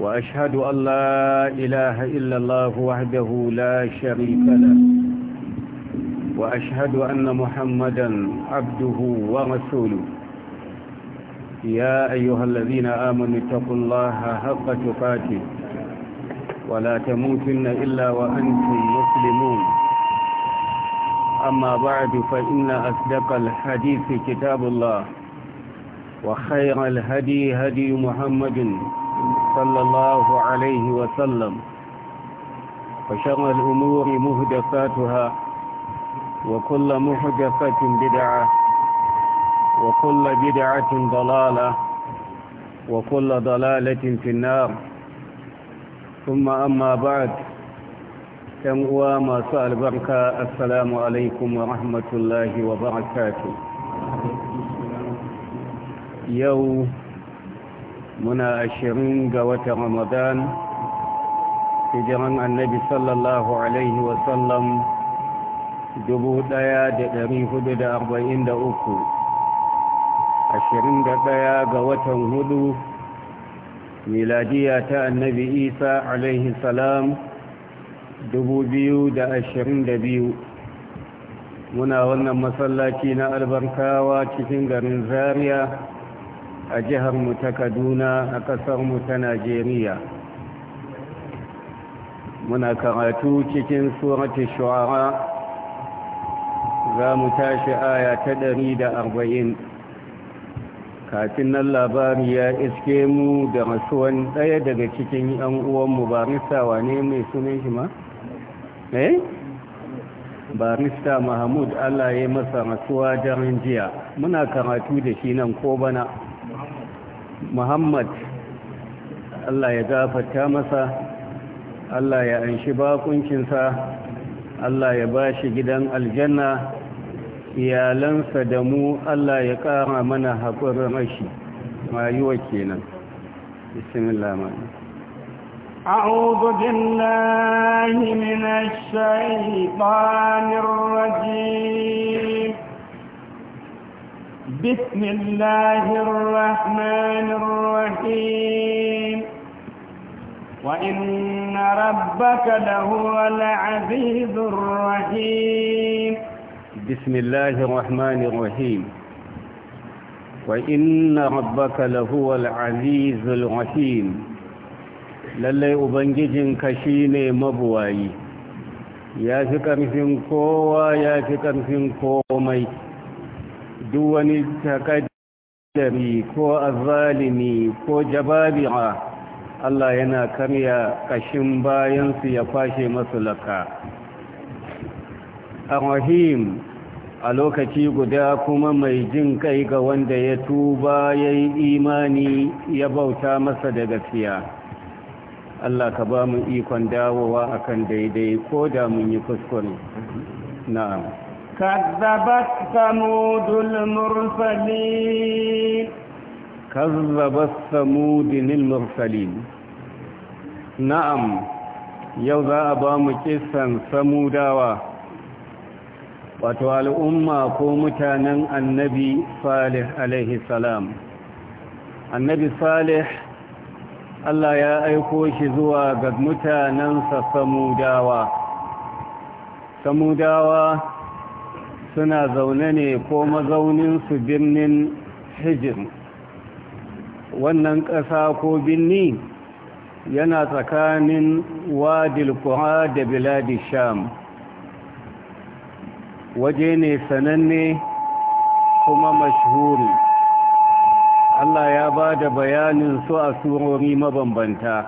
وأشهد أن لا إله إلا الله وحده لا شريك له وأشهد أن محمدا عبده ورسوله يا أيها الذين آمنوا اتقوا الله حق تقاته ولا تموتن إلا وأنتم مسلمون أما بعد فإن أصدق الحديث كتاب الله وخير الهدي هدي محمد صلى الله عليه وسلم وشر الأمور مهدفاتها وكل مهدفة بدعة وكل بدعة ضلالة وكل ضلالة في النار ثم أما بعد كم ما سأل بركة السلام عليكم ورحمة الله وبركاته يوم muna ashirin ga wata ramadan hijiran annabi sallallahu alaihi wasallam uku, ashirin da ɗaya ga watan hudu miladiya ta annabi isa alaihi salam biyu. muna wannan masallaci na albarkawa cikin garin zaria a jihar mu ta kaduna a ƙasar mu ta najeriya muna karatu cikin surati shu'ara za mu tashi aya ta ɗari da arba'in. kafin nan labari ya iske mu da rasuwan ɗaya daga cikin yan uwanmu barista wane mai sunan shi ma? eh? barista mahmud allah ya masa rasuwa daren jiya muna karatu da shi nan ko bana muhammad allah ya gafarta masa allah ya anshi bakuncinsa allah ya ba shi gidan aljanna iyalansa da mu allah ya ƙara mana haƙurin rashi rayuwa kenan bismillah ma'ana أعوذ بالله من الشيطان الرجيم بسم الله الرحمن الرحيم وإن ربك لهو العزيز الرحيم بسم الله الرحمن الرحيم وإن ربك لهو العزيز الرحيم للي أبنجج كشين ne يا ya fi ƙarfin يا ya fi ƙarfin duk wani takaddari ko azalimi ko Jababira, Allah yana karya kashin bayansu ya fashe masu laka ar-rahim a lokaci guda kuma mai jin kai ga wanda ya tuba ya yi imani ya bauta masa da gaskiya Allah ka ba mu ikon dawowa akan daidai ko da mun yi kuskure na'am كذبت ثمود المرسلين كذبت ثمود المرسلين نعم يوضع أبام كسا ثمودا وتوال أمة قومتانا النبي صالح عليه السلام النبي صالح Allah ya aiko shi zuwa ga mutanensa samudawa samudawa suna zaune ne ko mazauninsu birnin hijir wannan ƙasa ko birni yana tsakanin wadil kuwa da biladi sham waje ne sananne kuma mashhuri Allah ya ba da bayanin su a surori mabambanta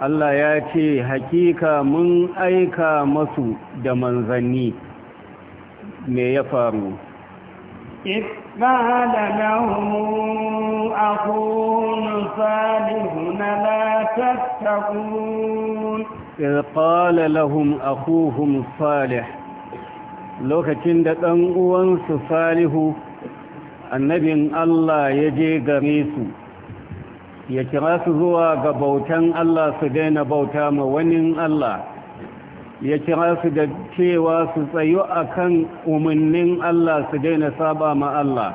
Allah ya ce hakika mun aika masu da manzanni Me ya faru ƙaɗa da hu a kunu salihu na latattakun ƙaɗa da hu a kuhu lokacin da ɗan’uwansu salihu annabin Allah ya je game su ya kira su zuwa ga bautan Allah su daina bauta ma wani Allah ya kira su da cewa su tsayo a kan umarnin Allah su daina saba ma Allah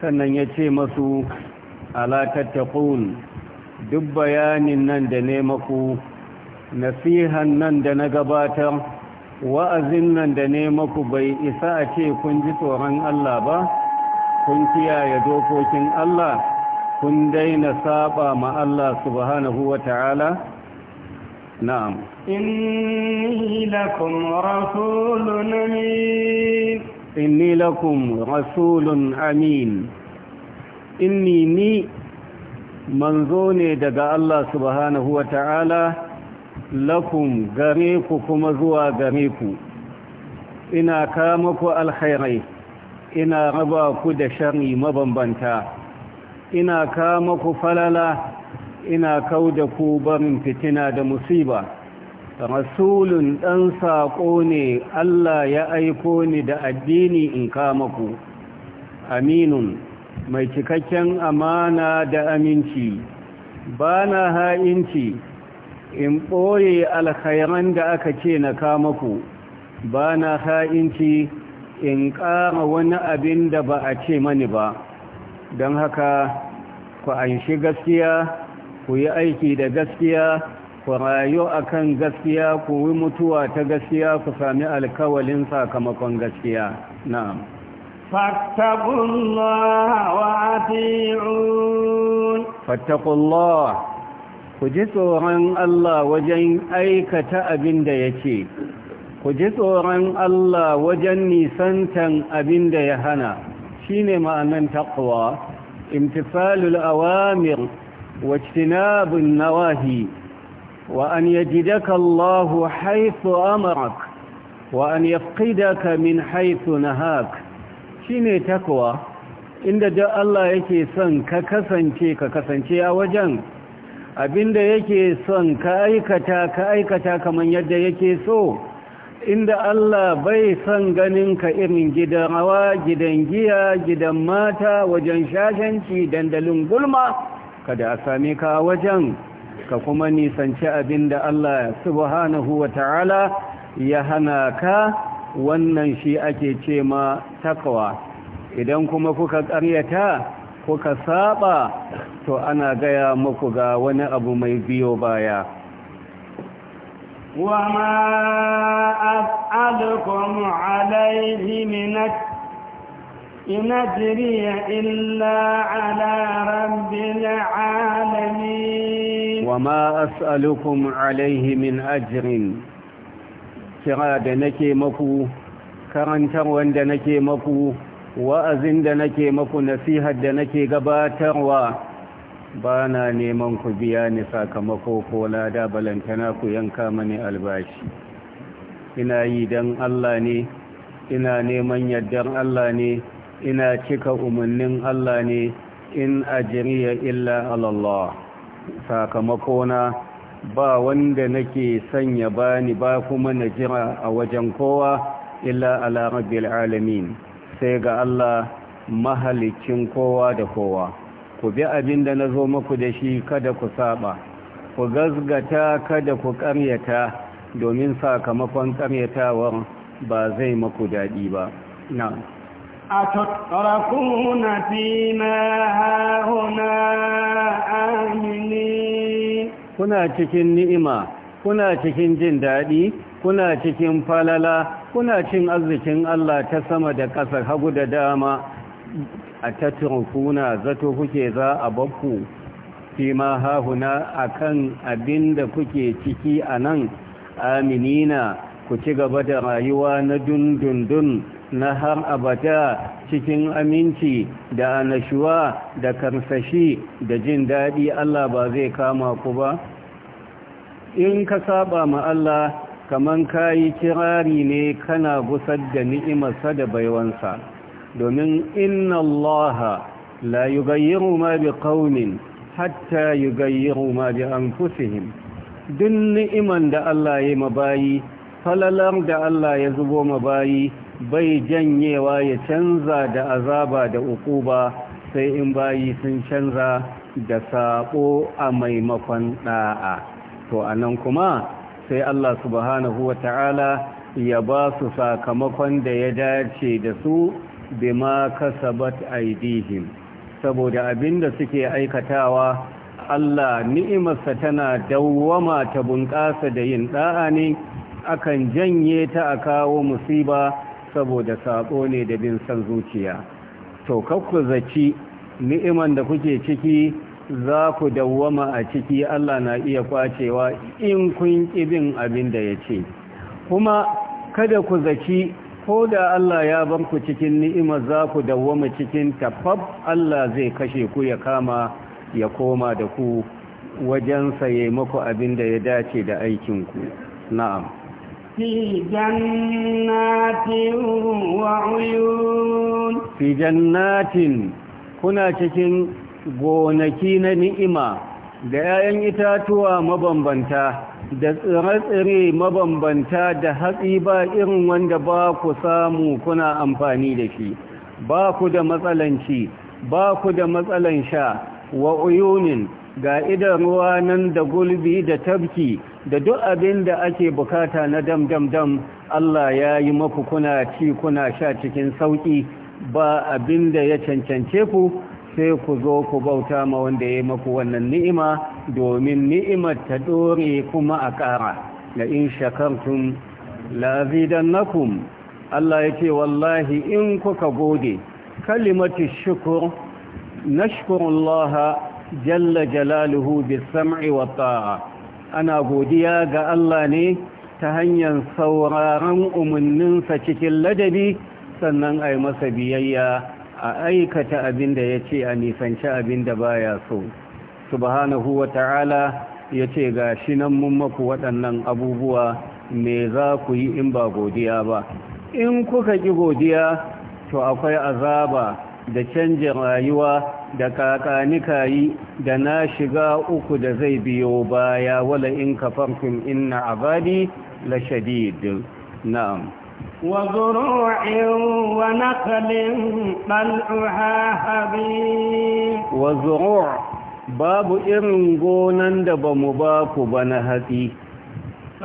sannan ya ce masu alatattaqun duk bayanin nan da ne nasihan nan da na gabatar wa'azin nan da ne bai isa a ce kun ji tsoron Allah ba kun kiyaye dokokin Allah kun daina saba ma Allah subhanahu wa ta'ala نعم إني لكم رسول أمين إني لكم رسول أمين إني ني منزوني دقى الله سبحانه وتعالى لكم غريككم زوى غريكم إنا كامكو الخيري إنا رباكو دشري مبنبنتا إنا كامكو فللا ina kau da ku barin fitina da musiba rasulun ɗan saƙo ne Allah ya aiko ni da addini in kama ku aminun mai cikakken amana da aminci ba na ha'inci in ɓoye alkhairan da aka ce na kama ku ba na ha'inci in ƙara wani abin da ba a ce mani ba don haka ku an shi gaskiya ku yi aiki da gaskiya ku rayu akan gaskiya ku yi mutuwa ta gaskiya ku sami alkawalin sakamakon gaskiya na'am fattakullaha ku ji tsoron Allah wajen aikata abin da ce. ku ji tsoron Allah wajen nisantan abin da ya hana shine ma'anan taqwa imtisalul awamir واجتناب النواهي وأن يجدك الله حيث أمرك وأن يفقدك من حيث نهاك شيني تقوى inda duk Allah yake son ka kasance ka kasance a wajen abinda yake son ka aikata ka aikata kamar yadda yake so inda Allah bai son ganin ka irin gidan rawa gidan giya gidan mata wajen shashanci dandalin gulma kada a same ka wajen ka kuma nisanci abin da Allah subhanahu wa ta'ala ya hana ka wannan shi ake ce ma takawa idan kuma kuka ƙaryata kuka saba to ana gaya muku ga wani abu mai biyo baya وما أفعلكم عليه من التقوى إن أجري إلا على رب العالمين وما أسألكم عليه من أجر kira da nake maku karantar wanda nake maku wa'azin da nake maku nasihar da nake gabatarwa Bana neman ku biya ni sakamako ko lada balantana ku yanka mani albashi ina yi don Allah ne ina neman yardar Allah ne ina cika umarnin Allah ne in jiriya illa Allah sakamakona ba wanda nake sanya bani ba kuma na jira a wajen kowa illa ala rabbil alamin sai ga Allah mahalicin kowa da kowa ku bi abin da na zo muku da shi kada ku saba ku gazgata kada ku ƙaryata domin sakamakon ƙaryatawar ba zai muku daɗi ba na'am أتتركون فيما هاهنا آمنين كنا تكن نئمة كنا تكن جندادي كنا تكن فللا كنا تكن أزكن الله تسمد كسر حقود داما أتتركون ذاته كذا أبكو فيما هاهنا أكن أبند كي تكي أنن آمنين ku ci gaba da rayuwa na dundundun na har bata cikin aminci da anashuwa da karsashi da jin daɗi Allah ba zai kama ku ba in ka saba ma Allah kaman kayi kirari ne kana gusar da ni'imarsa da baiwansa domin inna Allah la yughayyiru ma bi biqaumin hatta yughayyiru ma bi anfusihim duk ni'iman da Allah ya mabayi falalar da Allah ya zubo mabayi bai janyewa ya canza da azaba da ukuba sai in bayi sun canza da sabo a maimakon da'a to anan kuma sai Allah subhanahu wa ta'ala ya ba su sakamakon da ya dace da su bima kasabat aidihim saboda da suke aikatawa Allah ni'imarsa tana dawwama ta bunƙasa da yin da'a ne akan janye ta a kawo musiba saboda sabo ne da bin san zuciya to kakku zaci ni'iman da kuke ciki za ku dawwama a ciki Allah na iya kwacewa in kun bin abin da ya ce kuma kada ku zaci ko da Allah ya ban ku cikin ni'ima za ku dawwama cikin tafab Allah zai kashe ku ya kama ya koma da ku wajen saye muku abin da ya dace da aikinku na'am في جنات kuna cikin gonaki na ni'ima da 'ya'yan itatuwa mabambanta da tsire-tsire mabambanta da hatsi ba irin wanda ba ku samu kuna amfani da shi ba ku da matsalanci ba ku da matsalan sha wa uyunin ga idan ruwa nan da gulbi da tabki da duk abin da ake bukata na dam dam dam Allah ya yi maku kuna ci kuna sha cikin sauƙi ba abin da ya cancance ku sai ku zo ku bauta ma wanda ya yi maku wannan ni'ima domin ni'imar ta dore kuma a ƙara da in lazidan nakum Allah ya ce wallahi in kuka gode kalimatu shukur nashkurullaha jalla jalaluhu sam'i wa ta'a ana godiya ga Allah ne ta hanyar sauraron umarninsa cikin ladabi sannan ai masa biyayya a aikata abin da ya ce a nisanci abin da baya so subhanahu wa ta'ala ya ce ga shi nan mun maku waɗannan abubuwa me za ku yi in ba godiya ba in kuka ƙi godiya to akwai azaba da canjin rayuwa da kakanika yi da na shiga uku da zai biyo baya wala in ka kafartum inna abadi la shadid na'am wa zuru'in wa naqlin wa zuru' babu irin gonan da bamu ba ku ba na hatsi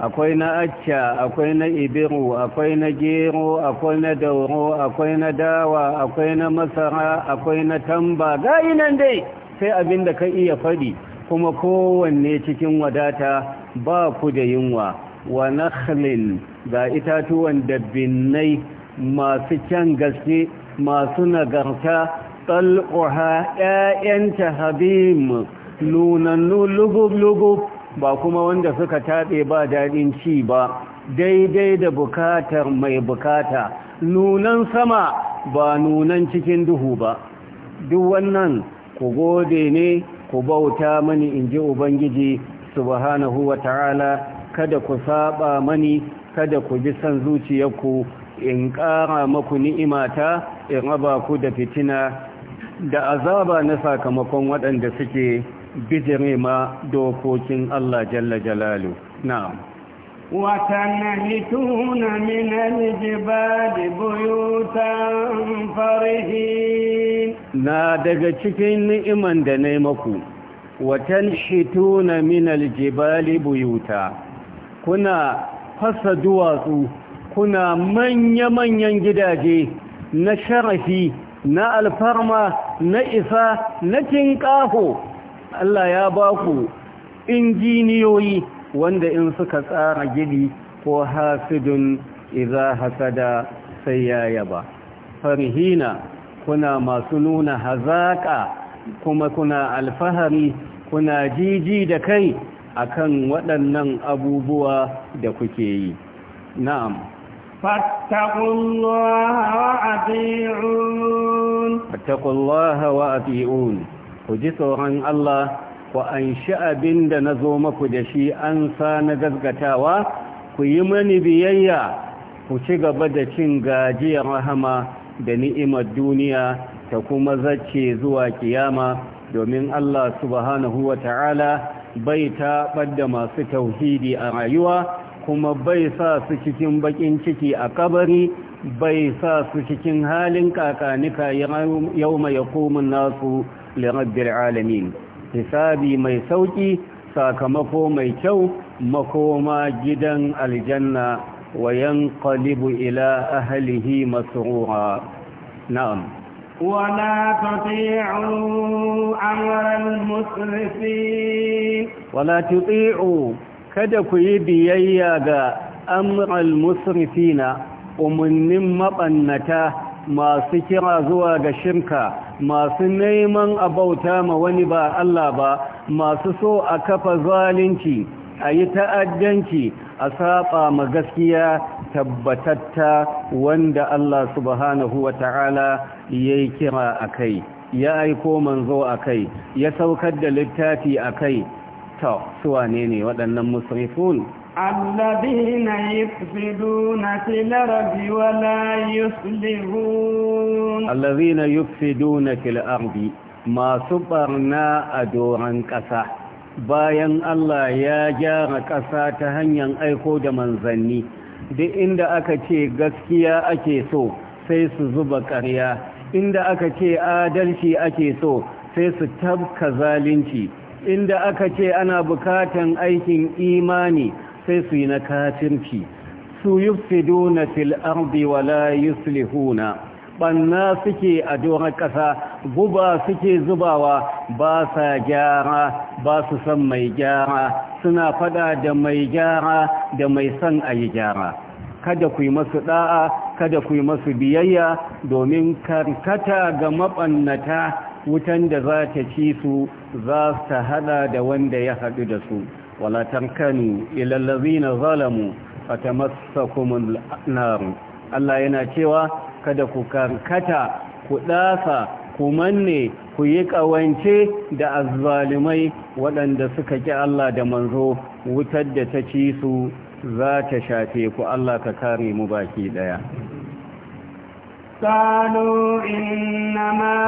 akwai na acca akwai na ibiru akwai na gero akwai na dauro akwai na dawa akwai na masara akwai na tamba gayi nan dai sai abin da ka iya faɗi kuma kowanne cikin wadata ba ku da yunwa wa nakhlin ga itatuwan dabbinai masu can gaske masu nagarta tsal'uha 'ya'yanta habim nunannu lugub-lugub ba kuma wanda suka taɓe ba daɗin ci ba daidai da bukatar mai bukata nunan sama ba nunan cikin duhu ba duk wannan ku gode ne ku bauta mani in ji ubangiji subhanahu wa ta'ala kada ku saba mani kada ku ji son zuciyarku in ƙara maku ni'imata in raba ku da fitina da azaba na sakamakon waɗanda suke bidire ma dokokin Allah jalla jalalu na'am min al الجبال buyutan farihin na daga cikin ni'iman da nayi maku watan hituna min aljibali buyuta kuna fasa duwatsu kuna manya-manyan gidaje na sharafi na alfarma na isa na tinkaho Allah ya ba ku injiniyoyi wanda in suka tsara gidi ko hasidun iza hasada sai ya yaba farihina kuna masu nuna hazaka kuma kuna alfahari kuna jiji da kai akan waɗannan abubuwa da kuke yi na'am fattakullaha wa ati'un fattakullaha wa ati'un ku ji tsoron Allah ku an abin da na zo maku da shi an sa na gazgatawa, ku yi mani biyayya ku ci gaba da cin gajiyar rahama da ni'imar duniya ta kuma zace zuwa kiyama domin Allah subhanahu wa ta'ala bai taɓar da masu tauhidi a rayuwa kuma bai sa su cikin bakin ciki a kabari bai sa su cikin halin kakanika yau mai komin nasu lirabbir alamin hisabi mai sauki sakamako mai kyau makoma gidan aljanna wa kalibu ila ahlihi masrura na'am ولا تطيعوا أمر المسرفين ولا تطيعوا kada ku yi biyayya ga amral musrifina umarnin maɓannata masu kira zuwa ga shirka masu neman abauta ma wani ba Allah ba masu so a kafa zalunci a yi ta'addanci a saba ma gaskiya tabbatatta wanda Allah subhanahu wa ta'ala ya yi kira a kai ya aiko manzo a kai ya saukar da littafi a kai to suwa ne ne waɗannan musrifun الذين يفسدون في الأرض ولا يصلحون الذين يفسدون في الأرض ما سبرنا أدورا كسا bayan Allah ya gyara ƙasa ta hanyar aiko da manzanni duk inda aka ce gaskiya ake so sai su zuba ƙarya inda aka ce adalci ake so sai su tabka zalunci inda aka ce ana bukatan aikin imani sai su yi na kafirci su yufsiduna fil ardi wala yuslihuna banna suke a doron ƙasa guba suke zubawa ba sa gyara ba su san mai gyara suna fada da mai gyara da mai san a yi gyara kada ku yi masu da'a kada ku yi masu biyayya domin karkata ga maɓannata wutan da za ta ci su za ta hada da wanda ya haɗu da su wala tankanu ilallazina zalamu fatamassakumul nar Allah yana cewa kada ku karkata ku ɗasa ku manne ku yi ƙawance da azzalumai waɗanda suka ki Allah da manzo wutar da ta ci su za ta shafe ku Allah ka kare mu baki ɗaya. قالوا إنما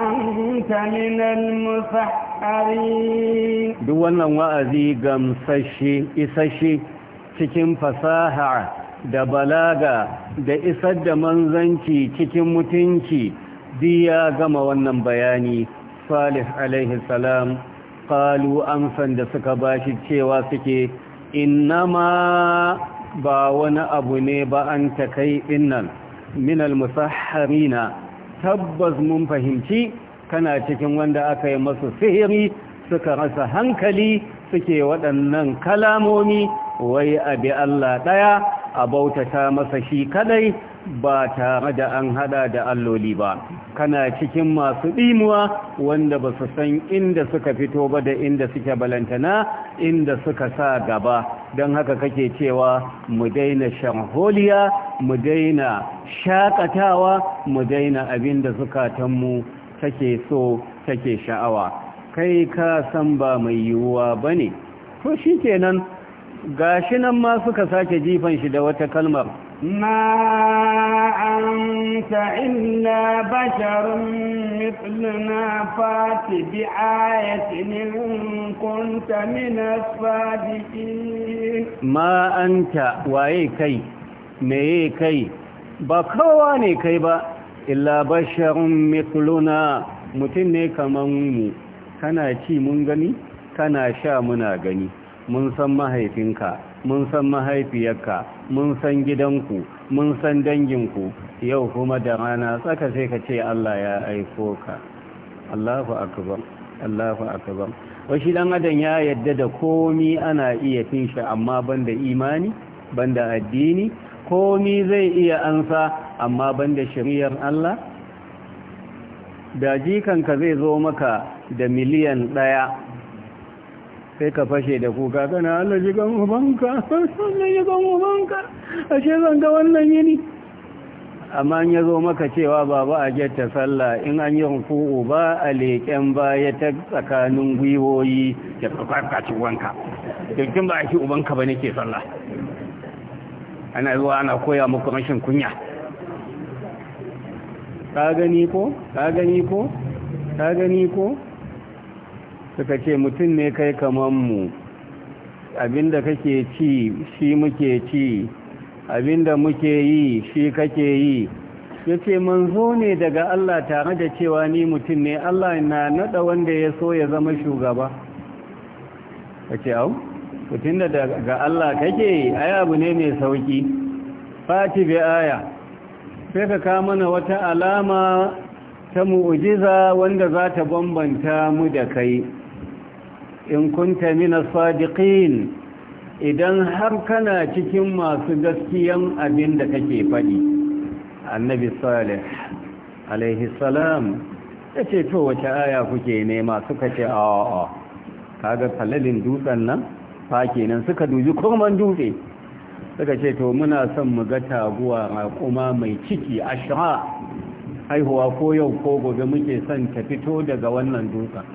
أنت من المسحرين duk wannan wa'azi gamsashe isashe cikin fasaha da balaga da isar da manzanci cikin mutunci ya gama wannan bayani salih alaihi salam qalu amsan da suka bashi cewa suke innama ba wani abu ne ba an takai dinnan min al-musahharina tabbas mun fahimci kana cikin wanda aka yi masu sihiri suka rasa hankali suke waɗannan kalamomi wai abi Allah ɗaya a bautata masa shi kadai ba tare da an hada da alloli ba kana cikin masu ɗimuwa wanda ba su san inda suka fito ba da inda suke balantana inda suka sa gaba don haka kake cewa mu daina shanholiya mu daina shakatawa mu daina abin da zukatanmu take so take sha'awa kai ka san ba mai yiwuwa ba ne to shi kenan ga shi nan ma suka sake jifan shi da wata kalmar ma an ta ina basharun fati bi ayatin kunta minas ma an waye kai meye kai ba kowa ne kai ba illa basharun mifluna mutum ne kaman mu kana ci mun gani kana sha muna gani mun san mahaifinka mun san mahaifiyarka mun san gidanku mun san danginku yau kuma da rana tsaka sai ka ce Allah ya aiko ka Allahu akbar Allahu akbar washi dan adam ya yadda da komi ana iya fin shi amma banda imani banda addini komi zai iya ansa amma banda shari'ar Allah da jikan ka zai zo maka da miliyan ɗaya sai ka fashe da kuka kana Allah ji gan ubanka Allah ji gan ubanka ashe zan ga wannan yini amma ya zo maka cewa baba a jetta sallah in an yi hukuku ba a leƙen baya ta tsakanin gwiwoyi ya tsakaci wanka dukkan ba a shi ubanka ba nake sallah ana zuwa ana koya muku rashin kunya ka gani ko ka gani ko ka gani ko suka ce mutum ne kai kamar mu abinda kake ci shi muke ci abinda muke yi shi kake yi ya ce manzo ne daga Allah tare da cewa ni mutum ne Allah na nada wanda ya so ya zama shugaba ka ce au mutum da daga Allah kake ai abu ne mai sauki fati bi aya sai ka kawo mana wata alama ta mu'ujiza wanda za ta bambanta mu da kai in kunta mina sadiqin idan har kana cikin masu gaskiyan abin da kake faɗi annabi salih alaihi salam ya ce to wace aya kuke nema suka ce a'a kaga falalin dutsen nan fa kenan suka dubi kurman dutse suka ce to muna son mu ga taguwa raƙuma mai ciki ashra haihuwa ko yau ko gobe muke son ta fito daga wannan dutsen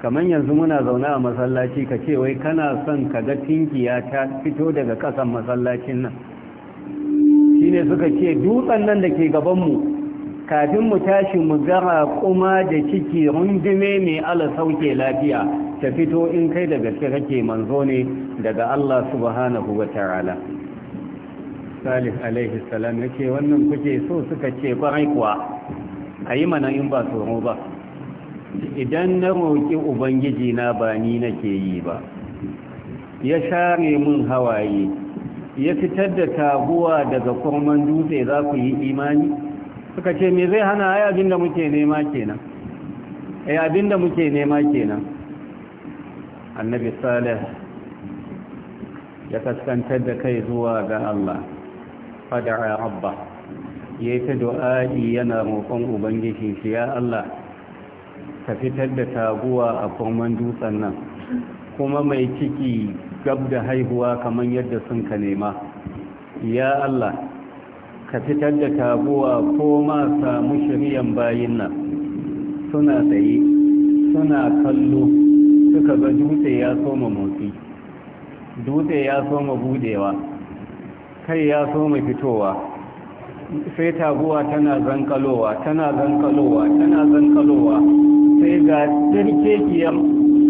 kamar yanzu muna zaune a masallaci ka ce wai kana son kaga ga tinkiya ta fito daga kasan masallacin nan shi ne suka ce dutsen nan da ke gabanmu kafin mu tashi mu gara kuma da ciki rundume mai ala sauke lafiya ta fito in kai da gaske kake manzo ne daga Allah subhanahu wa ta'ala salih alaihi salam yake wannan kuke so suka ce kwarai kuwa ayi mana in ba tsoro ba idan na roƙi ubangiji na ba ni nake yi ba ya share mun hawaye ya fitar da taguwa daga kurman dutse za ku yi imani suka ce me zai hana ai abinda muke nema kenan ai eh, abinda muke nema kenan annabi salih ya kaskantar da kai zuwa ga Allah fada'a rabba yayi ta du'a yana roƙon ubangiji shi ya Allah ka fitar da taguwa a kurman dutsen nan kuma mai ciki gab da haihuwa kamar yadda sun ka nema ya Allah ka fitar da taguwa ko ma samu shiryan bayin nan suna tsaye suna kallo suka ga dutse ya soma motsi dutse ya soma budewa kai ya soma fitowa sai taguwa tana zankalowa tana zankalowa tana zankalowa sai ga tsirkekiyar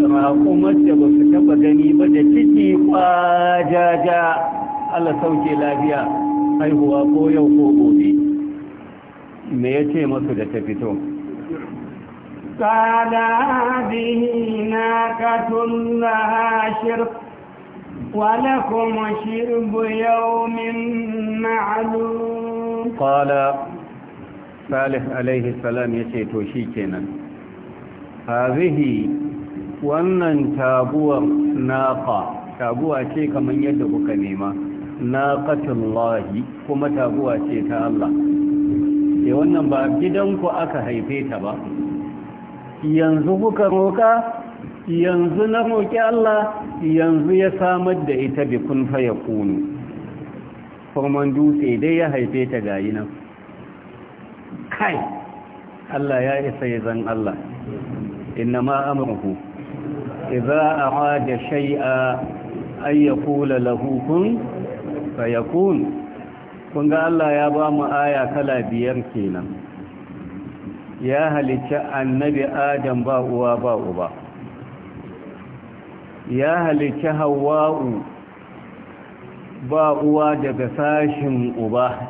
raƙumar da ba su taɓa gani ba da ciki ƙwajaja Allah sauke lafiya haihuwa ko yau ko gobe me ya ce masu da ta fito tsada bihi na shir shirka ولكم شرب يوم معلوم qala salih alaihi salam yace to shikenan hazihi wannan tabuwan naqa tabuwa ce kaman yadda kuka nema naqatullahi kuma tabuwa ce ta Allah sai wannan ba ku aka haife ta ba yanzu kuka roka yanzu na roki Allah yanzu ya samar da ita bi kun yakunu forman dutse dai ya haife ta gayi nan kai Allah ya isa ya zan Allah ma amurku idza arada shay'a ay yaqula lahu kun fayakun kun ga Allah ya ba mu aya kala biyar kenan ya halicci annabi adam ba uwa ba uba ya halicci hawa'u ba uwa daga sashin uba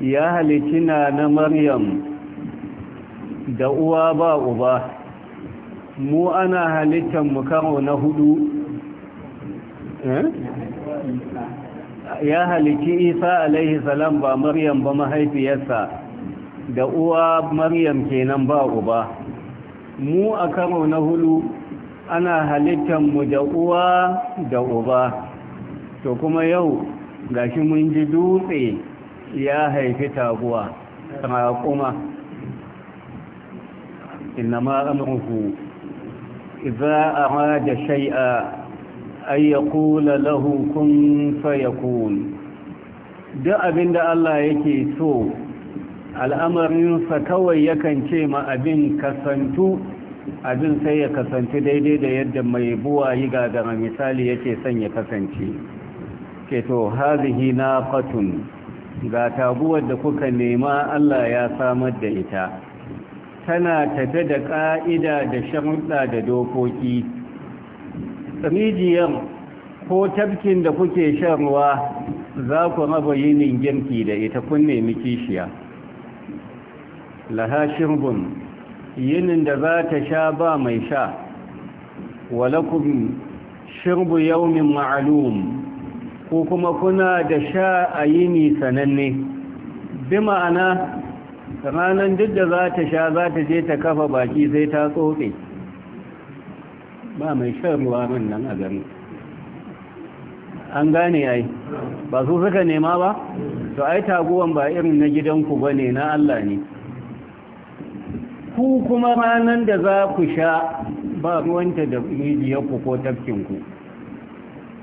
ya halici na na maryam da uwa ba uba mu ana halittar mu karo na hudu eh? ya halici isa alaihi salam ba maryam ba mahaifiyarsa da uwa maryam kenan ba uba mu a karo na hudu ana halittar mu da uwa da uba to kuma yau ga shi mun ji dutse ya haifi taguwa raƙuma innama amruhu idza shai'a. shay'a ay yaqula lahu kun fayakun duk abinda Allah yake so al'amarinsa kawai yakan ce ma abin kasantu abin sai ya kasance daidai da yadda mai buwa yi gagara misali yake son ya kasance ce to hazihi naqatun ga taguwar da kuka nema Allah ya samar da ita tana tafe da ƙa'ida da sharuɗa da dokoki rijiyar ko tafkin da kuke shan ruwa za ku raba yinin girki da ita kun nemi kishiya laha shirbun yinin da za ta sha ba mai sha walakun shirbu yaumin ma'alum ko kuma kuna da sha a yini sananne bi ma'ana ranar duk da za ta sha za ta je ta kafa baki sai ta tsofe. ba mai shan ruwa min nan a gani an gane ai ba su suka nema ba to ai taguwan ba irin na gidanku ba ne na Allah ne ku kuma ranar da za ku sha ba ruwanta da rijiyarku ko tafkinku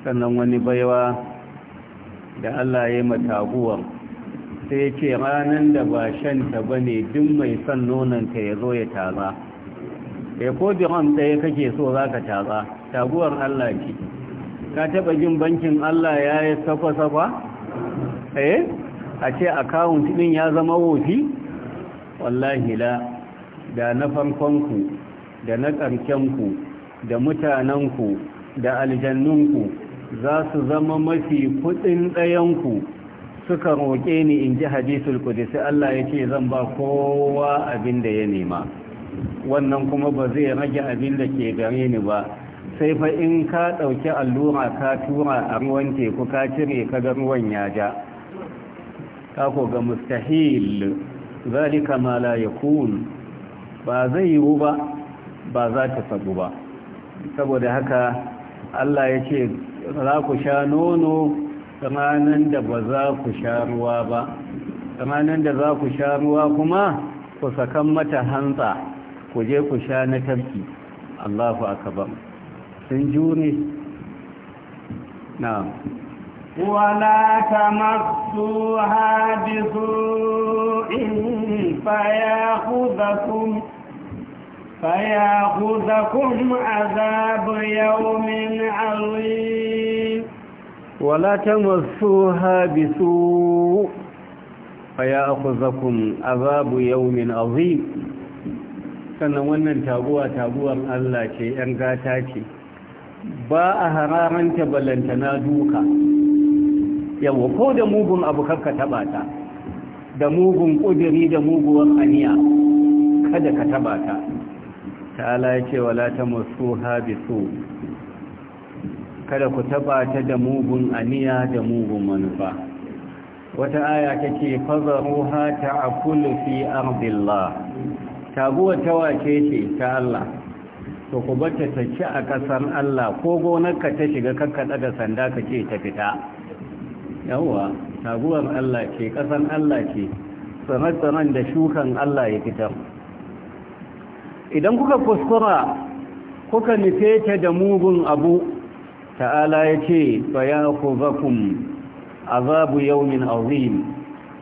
sannan wani baiwa da Allah ya yi mataguwan sai ce ranar da ba shanta ba ne duk mai son nonanta ya zo ya taza ya eh, ko ran ɗaya kake so za ka taza taguwar Allah ce ka taɓa jin bankin Allah ya yi safa-safa eh a ce akawunt ɗin ya zama wofi wallahi la da na farkonku da na ƙarshenku da mutanenku da aljannunku za su zama mafi kudin ɗayanku suka roƙe ni in ji hadisul kudisi Allah ya ce zan ba kowa abin da ya nema wannan kuma ba zai rage abin da ke gare ni ba sai fa in ka ɗauki allura ka tura a ruwan teku ka cire ka ga ruwan ya ja ka ko ga mustahil zalika ma la yakun ba zai yiwu ba ba za ta faɗu ba saboda haka Allah ya ce za ku sha nono ranar da ba za ku sha ruwa ba ranar da za ku sha ruwa kuma ku sakan mata hantsa ku je ku sha na tafki allahu akabar sun jure na in تمسوها da فياخذكم فياخذكم عذاب يوم عظيم ولا تمسوها بسوء فياخذكم عذاب يوم عظيم sannan wannan taguwa taguwar Allah ce ‘yan gata ce ba a hararanta na duka Yau ko da mugun abu karka taba ta da mugun ƙudiri da muguwar aniya kada ka taba ta ta'ala ya wala ta masu habisu kada ku taba ta da mugun aniya da mugun manufa wata aya take fazaruha ta'kulu fi ardillah taguwa tawace ce ta Allah to ku bata ta ci a kasar Allah ko gonarka ta shiga kakka daga sanda ka ce ta fita yawa taguwar Allah ce kasar Allah ce tsare da shukan Allah ya fitar idan kuka kuskura kuka nufe ta da mugun abu ta'ala ya ce bayan fayakhudhukum azabu yawmin azim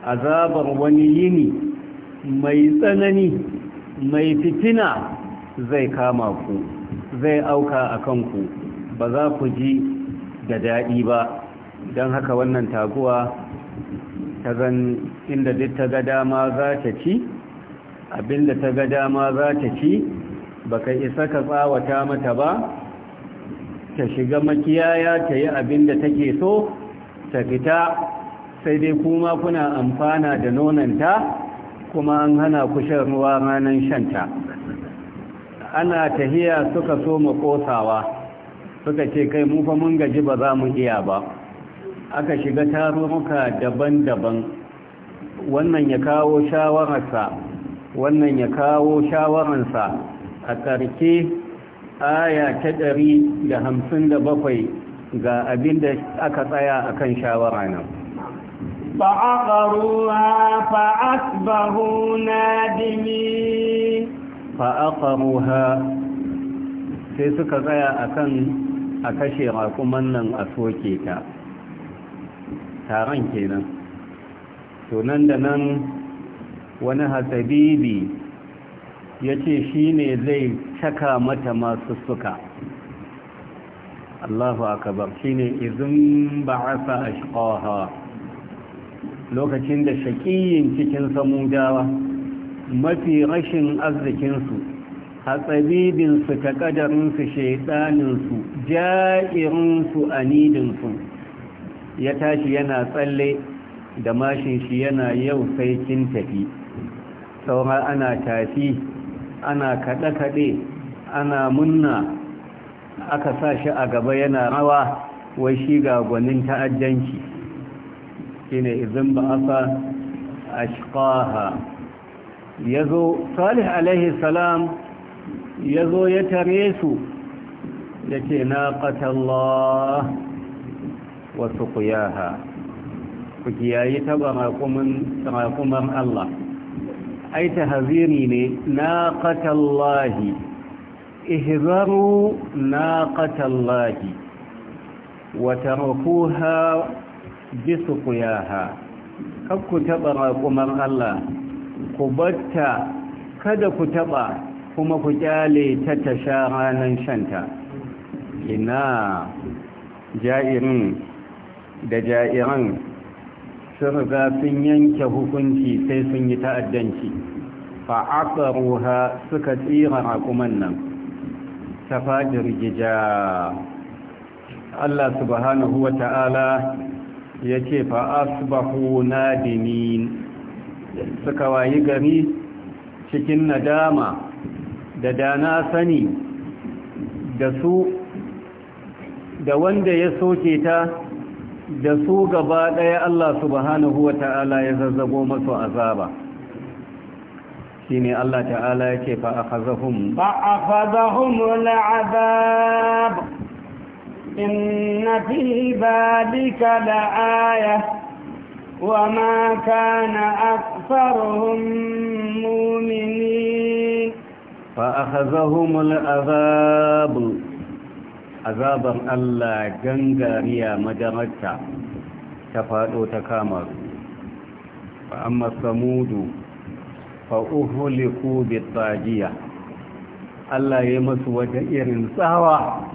azabar wani yini mai tsanani mai fitina zai kama ku zai auka a kanku ba za ku ji da daɗi ba don haka wannan taguwa ta zan inda duk ta ga dama za ta ci abinda ta ga dama za ta ci ba ka isa ka tsawata mata ba ta shiga makiyaya ta yi abinda take so ta fita sai dai kuma kuna amfana da nonanta kuma an hana ku ruwa ranar shanta ana tahiya suka so mu suka ce kai mu fa mun gaji ba za mu iya ba aka shiga tarurruka daban-daban wannan ya kawo shawararsa wannan ya kawo shawararsa a ƙarshe aya ta ɗari da hamsin da bakwai ga abin da aka tsaya a kan shawara nan fa'aƙaruwa sai suka tsaya a kan a kashe rakuman nan a soke ta taron kenan to nan da nan wani hasabibi ya ce shi ne zai caka mata masu suka allahu akabar shi ne izin ba'asa a shiƙawa lokacin da shaƙiyin cikin samudawa mafi rashin arzikinsu hatsabibinsu ta ƙadarinsu shaiɗaninsu ja'irinsu anidinsu ya tashi yana tsalle da mashin shi yana yau sai kin tafi saura ana tafi ana kaɗe-kaɗe ana munna aka sa shi a gaba yana rawa wai shi ga gwanin ta'addanci shi ne izin ba asa ashqaha ya zo salih alaihi salam ya zo ya tare su ya ce na ƙatallah wasu kuyaha ku kiyayi taɓa raƙuman Allah ai tahziri ne Na naqatallahi ihzaru naqatallahi wa tarkuha bisuqiyaha kakku taɓa raƙumar Allah ku batta kada ku taɓa kuma ku ƙyale ta tasha shan shanta ina ja'irin da ja'iran sun riga sun yanke hukunci sai sun yi ta'addanci aqruha suka tsira rakuman nan tafajir gija Allah subhanahu wa ta'ala ya ce fa'asbahu nadimin suka wayi gari cikin nadama da dana sani da su da wanda ya soke ta da su gaba ɗaya Allah subhanahu wa ta'ala ya zazzabo masu azaba shi ne Allah ta'ala ya ce fa'akazahun la'azab inna fi badika da aya wa ma kana aksaruhun mumini fa'akazahun la'azab azabar Allah gangariya madararta ta faɗo ta kama Ba fa amma samudu fa uhliku bi Allah ya masu wata irin tsawa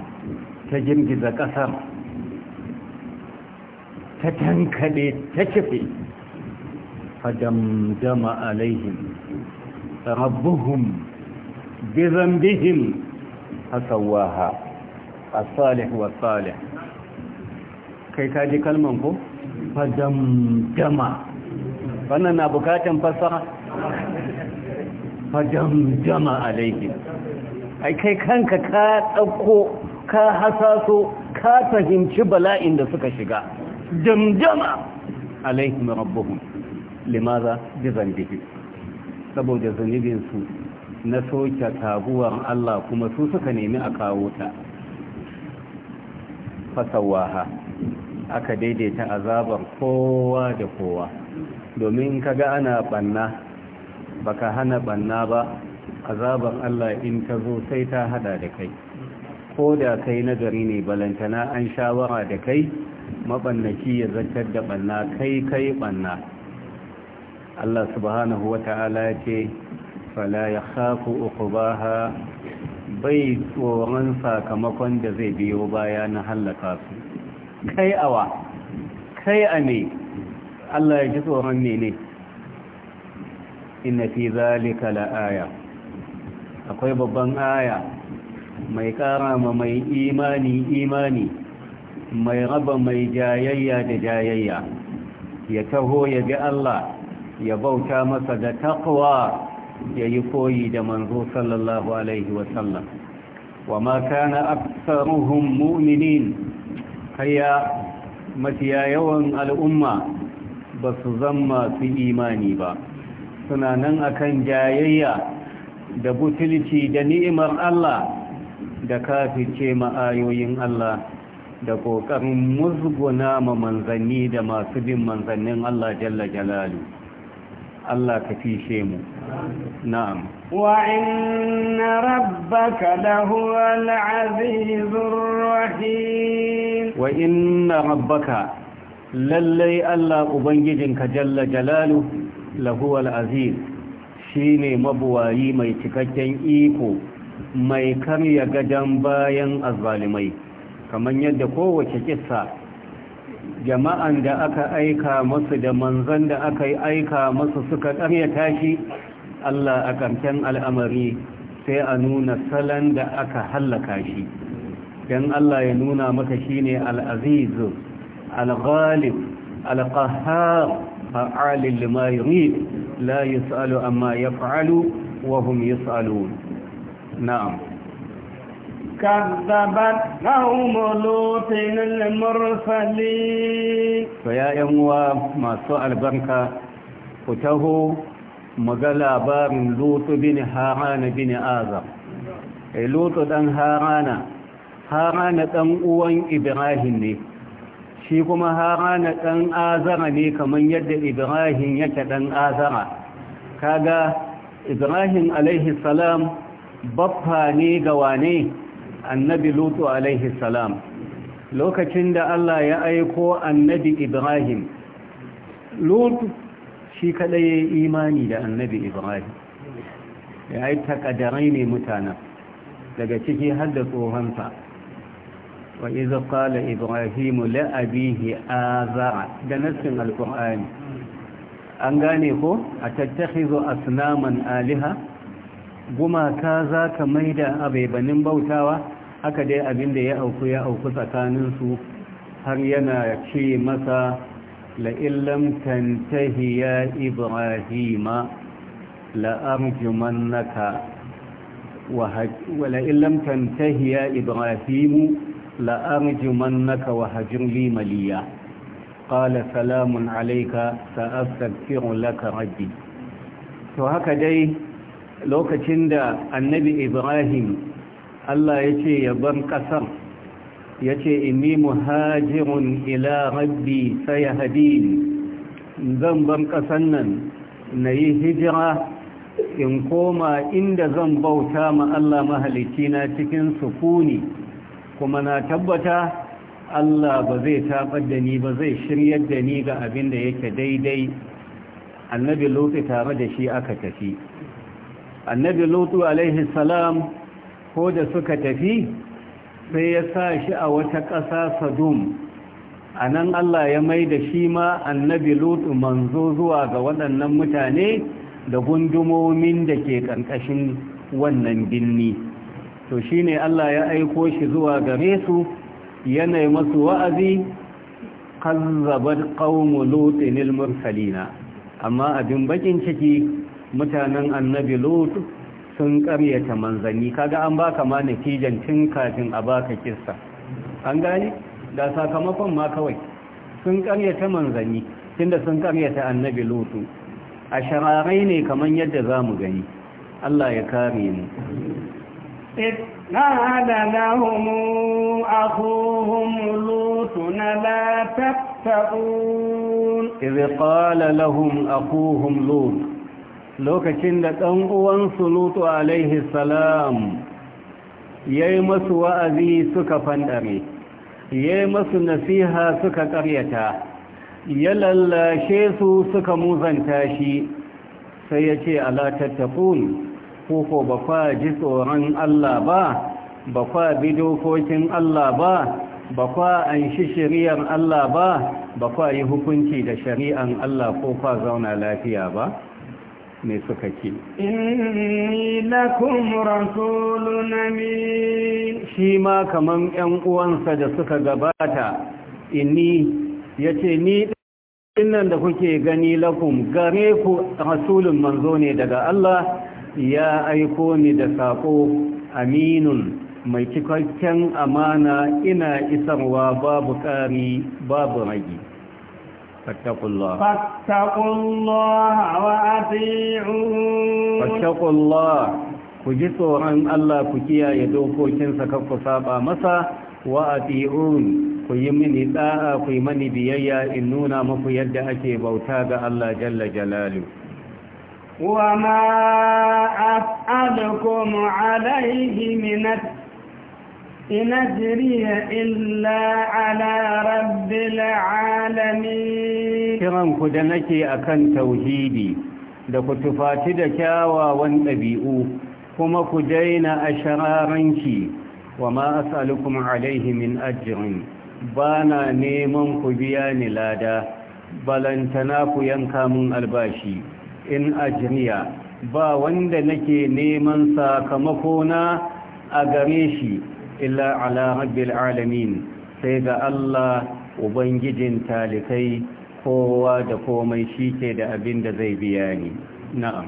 ta girgiza ƙasar ta tankade ta kife fadamdama alaihim rabbuhum bi zambihim hasawaha as-salih wa kai ka ji kalman ko fadamdama wannan na bukatan fassara fadamdama alaihi ai kai kanka ka dauko ka hasaso ka fahimci bala'in da suka shiga damdama alaihim rabbuhum limaza bi saboda zunubin su na soke taguwar Allah kuma su suka nemi a kawo ta fasawaha aka daidaita azabar kowa da kowa domin in ka ga ana banna baka hana banna ba azabar Allah in ta zo sai ta hada da kai ko da kai nagari ne balantana an shawara da kai mabannaki ya zartar da banna kai kai banna Allah subhanahu wa ta'ala ce fala ya khafu uqbaha bai tsoron sakamakon da zai biyo baya na hallaka su kai awa kai a ne Allah ya ji tsoron ne, ne. Ina fi zalika la'aya akwai babban aya mai kara ma mai imani imani mai raba mai jayayya da jayayya ya taho ya bi Allah ya bauta masa da takwa ya yi koyi da manzo sallallahu alaihi wasallam wa ma kana aksaruhum mu'minin haya mafiya yawan al'umma ba su zama su imani ba suna nan akan jayayya da butulci da ni'imar Allah da kafice ma'ayoyin Allah da ƙoƙarin musguna ma manzanni da masu bin manzannin Allah jalla jalalu Allah ka fishe mu na'am wa inna rabbaka lahuwal azizur rahim wa inna rabbaka lallai Allah ubangijinka jalla jalalu lahuwal aziz shine mabuwayi mai cikakken iko mai karya gadon bayan azzalimai kamar yadda kowace kissa jama'an da aka aika masu da manzan da aka yi aika masu suka karyata shi Allah a ƙarshen al'amari sai a nuna salon da aka hallaka shi don Allah ya nuna maka shi ne al'azizu al-ghalib al fa'alin lima yurid la yus'alu amma yaf'alu wa hum yus'alun na'am كذبت قوم لوط المرسلين فيا يموا ما سؤال بركة فتهو مغلا بار لوط بن هاران بن آذر لوط هاران هاران أوان إبراهيم ني shi kuma harana ɗan azara ne kamar yadda ibrahim yake ɗan azara kaga ibrahim alaihi salam baffa ne ga wane annabi lutu alaihi salam lokacin da Allah ya aiko annabi ibrahim lutu shi kadai ya yi imani da annabi ibrahim ya yi takadarai ne mutanen daga ciki har da tsohonsa wa iza qala ibrahim la'abihi a azara da nassin alkur'ani an gane ko a tattakhizu asnaman aliha gumaka zaka maida abebanin bautawa haka dai abin da ya auku ya auku tsakaninsu har yana ce masa la'illam tantahi ya ibrahima la'arjumannaka ولئن tantahi ya ibrahimu لأرجمنك وهجر لي مليا قال سلام عليك to haka dai lokacin da annabi ibrahim Allah ya ce yaban ƙasar ya ce inni muhajirun ila rabbi sai hadini zan ban ƙasar nan na yi hijira in koma inda zan bauta ma Allah na cikin sukuni kuma na tabbata Allah ba zai tabar da ni ba zai shiryar da ni ga abin da yake daidai annabi lutu tare da shi aka tafi annabi lutu alaihi salam ko da suka tafi sai ya sa shi a wata ƙasa sadum a nan Allah ya mai da shi ma annabi lutu manzo zuwa ga waɗannan mutane da gundumomin da ke ƙarƙashin wannan birni. to shi ne Allah ya aiko shi zuwa gare su yanayi masu wa'azi kan kazzabar ƙaunu lutinil mursalina amma abin bakin ciki mutanen annabi lutu sun karyata manzanni kaga an baka ma natijan tun kafin a baka kissa an gane da sakamakon ma kawai sun karyata manzanni tunda sun karyata annabi lutu a shararai ne kamar yadda za mu gani Allah ya kare mu نهد لهم أخوهم لوط لا إذ قال لهم أخوهم لوط lokacin da ɗan uwansu lutu alaihi salam ya yi masu wa'azi suka fandare ya yi masu nasiha suka ƙaryata ya lallashe su suka muzanta shi sai ya ce alatattakun ko ba kwa ji tsoron Allah ba ba kwa bi dokokin Allah ba ba kwa an shi shari'ar Allah ba ba kwa yi hukunci da shari'an Allah ko kwa zauna lafiya ba ne suka ke. inni lakum rasulun amin shi ma kamar ƴan uwansa da suka gabata inni yace ni dinnan da kuke gani lakum gare ku rasulun manzo ne daga Allah ya aiko ni da saƙo aminun mai cikakken amana ina isarwa babu ƙari babu ragi فاتقوا الله فاتقوا الله وأطيعون فاتقوا الله كجسوا عن الله كجيا يدوكو كنسا كفصابا مسا وأطيعون كيمن إداء كيمن بيايا إنونا مكو يدعك بوتاد الله جل جلاله وما أسألكم عليه من التقوى Ina أجري إلا على رب العالمين kiran ku da nake akan tauhidi da ku tufaci da kyawawan ɗabi'u kuma ku daina ashararanki wa ma as'alukum alaihi min ba bana neman ku biya ni lada balantana ku yanka mun albashi in ajriya ba wanda nake neman sakamakona a gare shi illa ala rabbil alamin sai ga Allah ubangijin talikai kowa da komai shike da abin da zai biya ni na'am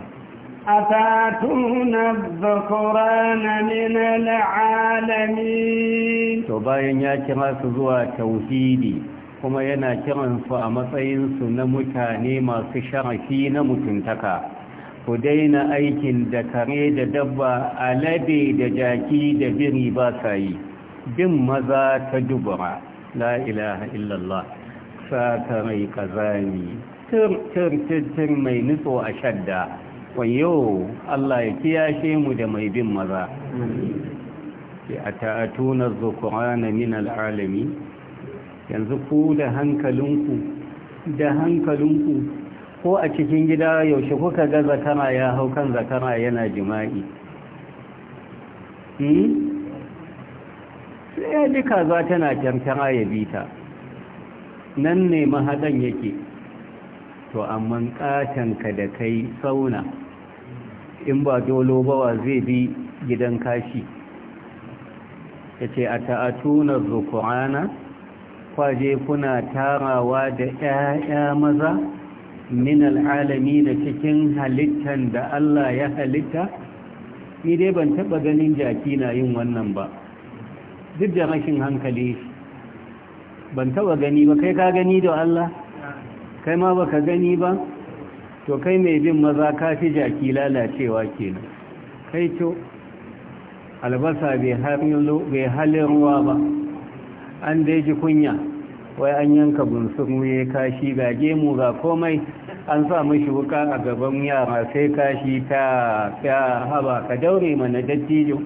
أتاتون الذكران من العالمين to bayan ya kira su zuwa tauhidi kuma yana kiransu a matsayinsu na mutane masu sharafi na mutuntaka ku daina aikin da kare da dabba alade da jaki da biri ba sa yi bin maza ta dubura la ilaha illallah ta mai kazani tir-tir-tir mai nutso a shadda wayo Allah ya kiyashe mu da mai bin maza a ta'atuna zukurana min al'alami yanzu ku da hankalinku da hankalinku ko a cikin gida yaushe kuka ga zakara ya hau kan zakara yana jima'i hmm? sai ya ji kaza tana kyamkyama ya bi ta nan ne mahaɗan yake to amma ka da kai sauna in ba dolo bawa zai bi gidan kashi ya ce a ta'atuna zukurana kwaje kuna tarawa da 'ya'ya maza min al'alami da cikin halittan da Allah ya halitta ni dai ban taɓa ganin jaki na yin wannan ba duk da rashin hankali ban taɓa gani ba kai ka gani da Allah kai ma baka gani ba to kai mai bin maza ka fi jaki lalacewa kenan kai to albasa bai halin ruwa ba an dai kunya wai an yanka mu wuye kashi ga gemu ga komai an sa mashi wuka a gaban yara sai kashi ta ya haba ka daure mana dattijo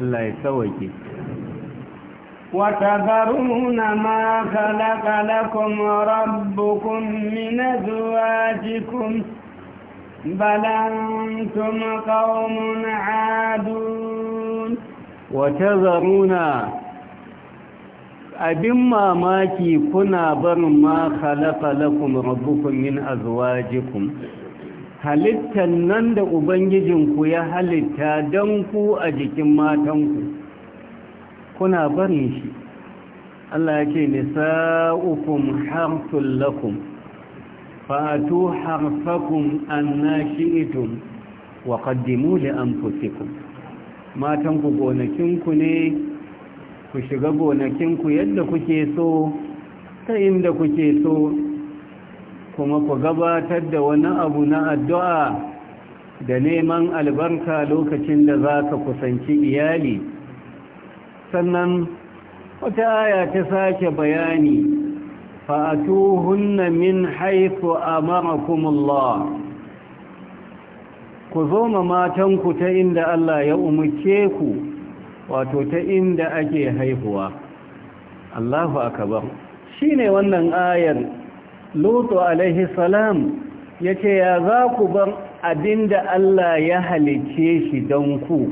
Allah ya tsawake وتذرون ما خلق لكم ربكم من أزواجكم بل أنتم قوم عادون وتذرون abin mamaki kuna barin ma khalafa lakum rabbukum min azwajikum halittan nan da ubangijin ku ya halitta don ku a jikin matanku kuna barin shi Allah ya ce nisa'ukum harsul lakum fa'atu harsakum anna wa qaddimu li anfusikum matanku gonakinku ne ku shiga gonakinku yadda kuke so ta inda kuke so kuma ku gabatar da wani abu na addu'a da neman albarka lokacin da za ka kusanci iyali sannan wata aya ta sake bayani fa'atuhunna min haifu amarakumullah ku zo ma matanku ta inda Allah ya umarce ku wato ta inda ake haihuwa Allahu akbar ne wannan ayar Lutu alaihi salam yace ya za ku bar abinda Allah ya halice shi don ku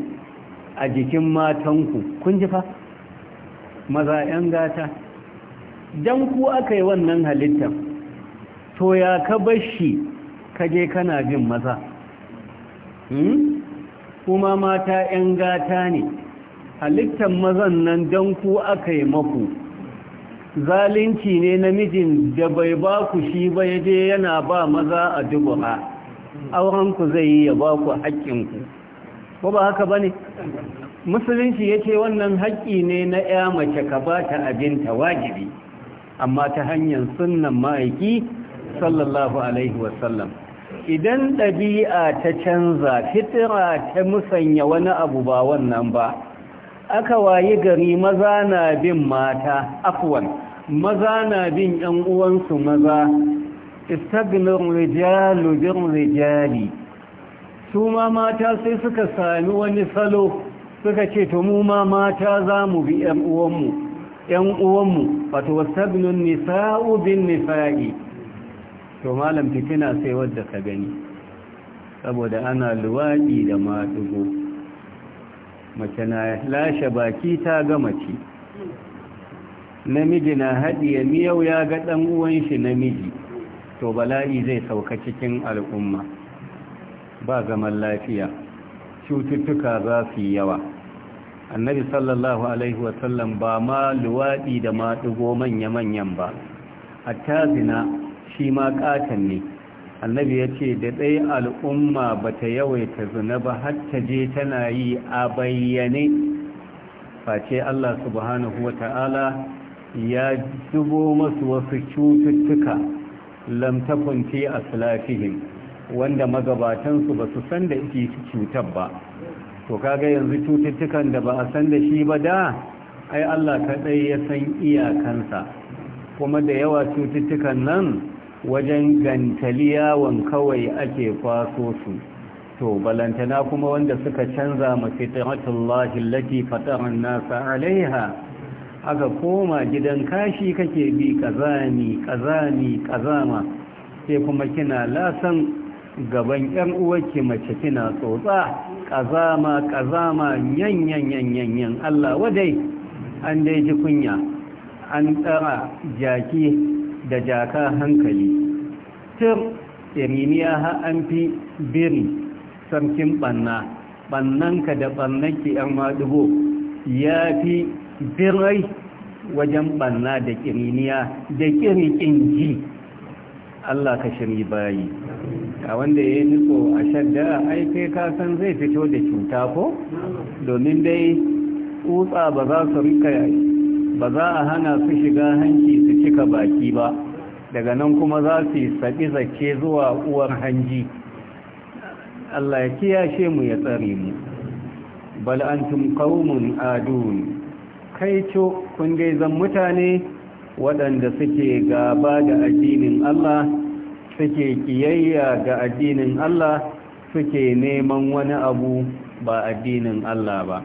a jikin matanku kun ji fa maza 'yan gata don ku aka yi wannan halittar to ya ka shi kaje kana jin maza hmm? kuma mata 'yan gata ne halittar mazan nan don ku aka yi maku zalunci ne namijin da bai ba ku shi ba ya je yana ba maza a dubura aurenku zai yi ya ba ku haƙƙinku ko ba haka ba ne musulunci ya ce wannan haƙƙi ne na ya mace ka ba ta abinta wajibi amma ta hanyar sunan ma'aiki sallallahu alaihi wasallam idan ɗabi'a ta canza fitira ta musanya wani abu ba wannan ba aka wayi gari maza na bin mata afwan maza na bin yan uwansu maza istagnar rijalu bin rijali su ma mata sai suka sami wani salo suka ce to mu ma mata za mu bi yan uwanmu yan uwanmu wato wasagnun nisa'u bin nisa'i to malam fitina sai wadda ka gani saboda ana luwaɗi da maɗugo mace na lashe baki ta ga mace namiji na haɗiye miyau ya ga ɗan uwan shi namiji to bala'i zai sauka cikin al'umma ba zaman lafiya cututtuka za su yi yawa annabi sallallahu alaihi wasallam ba ma luwaɗi da maɗugo manya-manyan ba A tazina, shi ma ƙatan ne annabi ya ce da ɗaya al'umma ba ta yawaita zina ba har ta je tana yi a bayyane face Allah subhanahu wa ta'ala ya zubo masu wasu cututtuka lamtakunci a sulafihin wanda magabatansu ba su san da ike cutar ba to kaga yanzu cututtukan da ba a san da shi ba da ai Allah kaɗai ya san iyakansa kuma da yawa cututtukan nan wajen gantaliyawan kawai ake faso su to balantana kuma wanda suka canza mafitatullahi lati fataran nasa alaiha aka koma gidan kashi kake bi kazani kazami kazama sai kuma kina lasan gaban yan uwarki mace kina tsotsa kazama kazama yanyan yanyan yan Allah wadai an dai ji kunya an tsara jaki da jaka hankali tir yaminiya ha an fi biri sarkin banna bannanka da bannanki yan madugo ya fi birai wajen banna da kiriniya da kirikin ji Allah ka shiri bayi a wanda ya yi niko a shadda aike kasan zai fito da cuta ko domin dai kutsa ba za su rika ba za a hana su shiga hanci su cika baki ba daga nan kuma za su yi zake zuwa uwar hanji Allah ya kiyashe mu ya tsare mu bal antum qaumun adun kai co kun dai zan mutane waɗanda suke gaba da addinin Allah suke kiyayya ga addinin Allah suke neman wani abu ba addinin Allah ba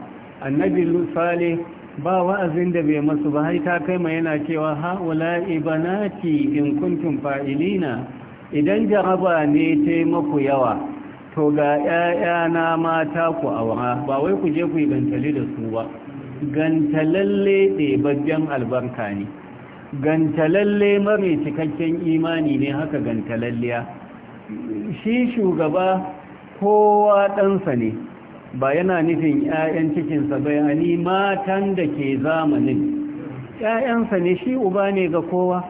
annabi salih ba wa'azin da bai masu ba hai ta kai mai yana cewa haula ibanati in kuntum fa'ilina idan jaraba ne maku yawa to ga 'ya'yana mata ku aura ba wai ku je ku yi gantali da su ba gantalalle ɗebabben albarka ne gantalalle mare cikakken imani ne haka gantalalliya shi shugaba kowa ɗansa ne ba yana nufin 'ya'yan cikinsa bayani matan da ke zamanin 'ya'yansa ne shi uba ne ga kowa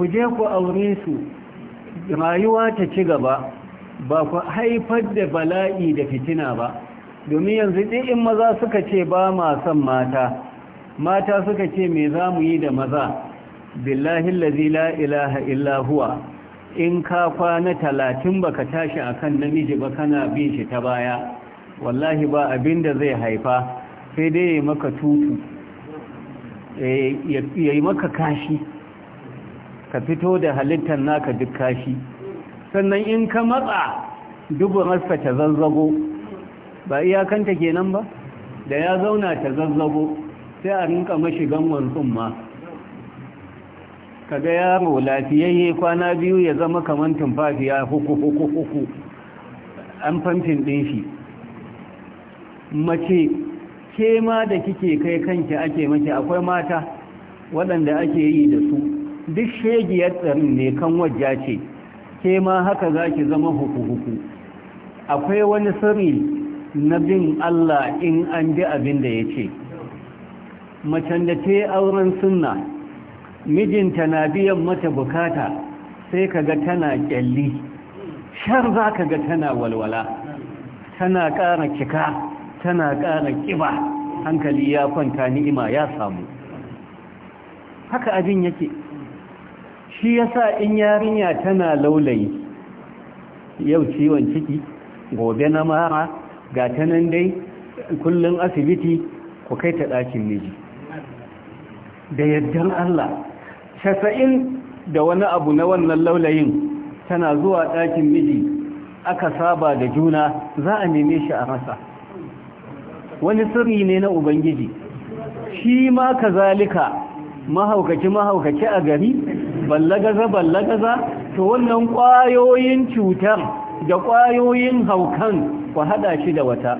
ku je ku aure su rayuwa ta ci gaba ba ku haifar da bala'i da fitina ba domin yanzu in maza suka ce ba ma son mata mata suka ce me za mu yi da maza billahi lazi la ilaha illa huwa in ka kwana talatin baka tashi akan namiji ba kana bin shi ta baya wallahi ba abin da zai haifa sai dai ya maka tutu eh, ya yi maka kashi ka fito da halittar naka duk kashi sannan in ka matsa duburarsa ta zazzago ba iyakanta kenan ba da ya zauna ta zazzago sai a rinka mashigan wansun ka ga yaro lafiyayye kwana biyu ya zama kamar tumfafiya huku an fantin ɗin shi mace ke ma da kike kai kanki ake mace akwai mata waɗanda ake yi da su duk shegiyar tsarin ne kan wajja ce ke ma haka za ki zama huku-huku akwai wani sirri na bin Allah in an bi abin da ya ce macen da ce auren sunna mijinta na biyan mata bukata sai kaga tana kyalli shar za ka ga tana walwala tana ƙara cika tana ƙara ƙiba hankali ya kwanta ni'ima ya samu haka abin yake shi ya sa in yarinya tana laulayi yau ciwon ciki gobe na mara ga tanan dai kullum asibiti ku kai ta ɗakin miji da yaddan Allah casa'in da wani abu na wannan laulayin tana zuwa ɗakin miji aka saba da juna za a neme shi a rasa wani sirri ne na ubangiji shi ma kazalika mahaukaci mahaukaci a gari ballagaza ballagaza to wannan ƙwayoyin cutar da ƙwayoyin haukan ku haɗa shi da wata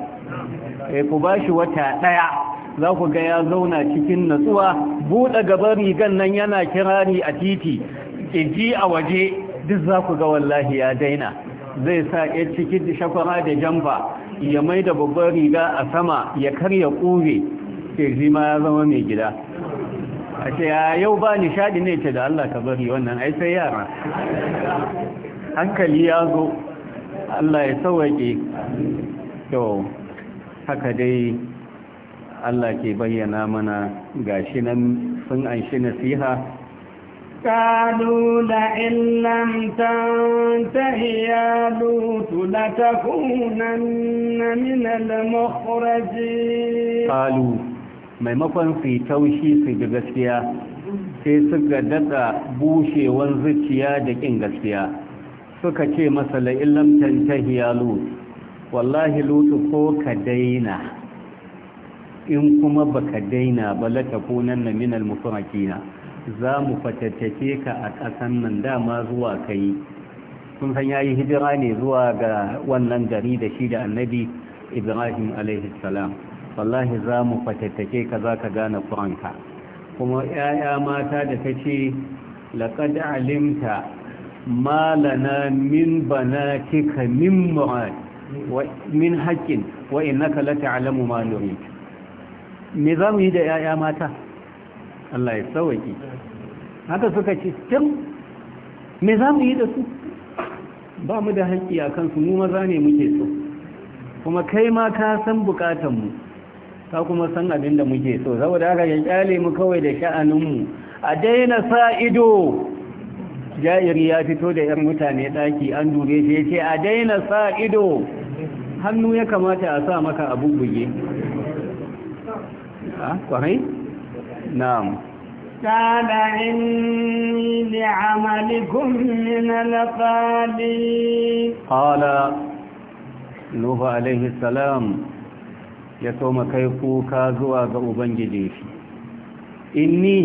E, ku ba shi wata ɗaya za ku ga ya zauna cikin natsuwa Buɗe gaban rigan nan yana kirari a titi ƙirji a waje duk za ku ga wallahi ya daina zai sa ya cikin shakwara da jamba ya mai da babban riga a sama ya karya ƙure ke ma ya zama mai gida a ce ya yau ba nishadi ne ce da Allah ka bari wannan ai sai yara hankali ya zo Allah ya sauwaƙe to haka dai Allah ke bayyana mana gashi nan sun anshi nasiha قالوا لئن لم تنته يا لوط لتكونن من المخرجين قالوا maimakon su yi taushi su ga gaskiya sai suka daɗa bushewan zuciya da ƙin gaskiya suka ce masa la'in lamtan tahiya lut wallahi lutu ko ka daina in kuma baka daina ba latakunan na minal mutumakina za mu fatattake ka a ƙasan nan dama zuwa ka yi sun san ya yi hijira ne zuwa ga wannan gari da shi da annabi ibrahim alaihissalam wallahi za mu fatattake ka za ka gane kuranka kuma 'ya'ya mata da ta ce laƙada alimta malana min bana cika min min haƙƙin wa'in na la alamu ma nuri. me za mu yi da 'ya'ya mata Allah ya tsawaki haka suka ce can me za mu yi da su ba mu da haƙƙi a kansu mu maza ne muke so kuma kai ma ka san bukatanmu ka kuma san abin da muke so saboda haka ya kyale mu kawai da sha'aninmu a daina sa ido jairi ya fito da yan mutane daki an dube shi ce a daina sa ido hannu ya kamata a sa maka a bubbuge a ah, نعم قال إني لعملكم من القالين قال نوح عليه السلام يتوم كيفوكا زواغ جديش إني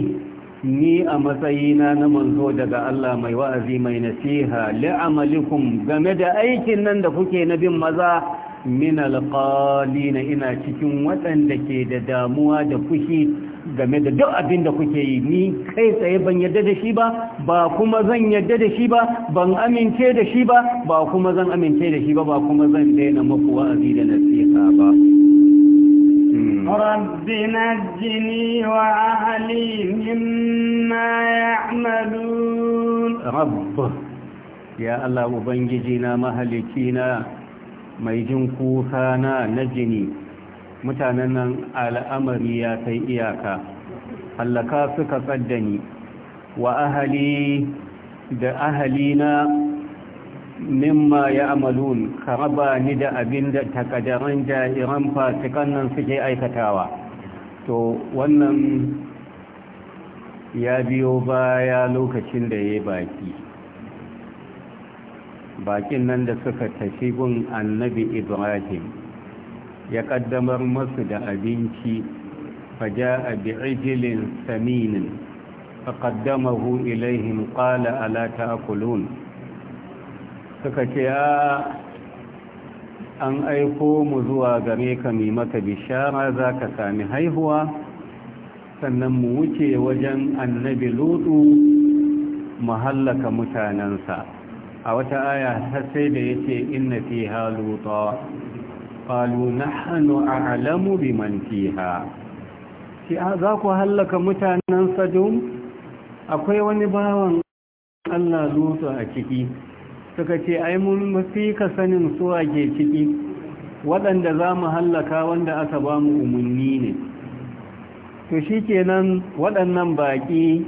ni a matsayina na manzo daga Allah mai wa'azi mai nasiha li'amalikum game da aikin nan da kuke na bin maza min alqalina ina cikin waɗanda ke da damuwa da fushi game da duk abin da kuke yi ni kai tsaye ban yadda da shi ba ba kuma zan yadda da shi ba ban amince da shi ba ba kuma zan amince da shi ba ba kuma zan daina maku wa'azi da nasiha ba رب نجني وأهلي ya يعملون ubangiji na mahalikina mai jin ميجن na jini. mutanen nan al'amari ya kai iyaka hallaka suka tsaddani wa ahali da ahalina mimma ya amalun ka raba ni da abin da takadaran jahiran fasikan nan suke aikatawa to wannan ya biyo baya lokacin da ya baki bakin nan da suka tafi gun annabi ibrahim ya kaddamar masu da abinci faja'a bi'ijilin saminin faqaddamahu ilaihim qala ala ta'kulun suka ce ya? an aiko mu zuwa game ka mai maka bishara zaka sami haihuwa sannan mu wuce wajen annabi lutu mu hallaka mutanensa a wata aya har sai da yace inna fiha lutu qalu nahnu a'lamu biman fiha shi za ku hallaka mutanen sadum akwai wani bawan Allah lutu a ciki suka ce ai mun fi ka sanin su a ke ciki waɗanda za mu hallaka wanda aka ba mu umarni ne to shi kenan waɗannan baƙi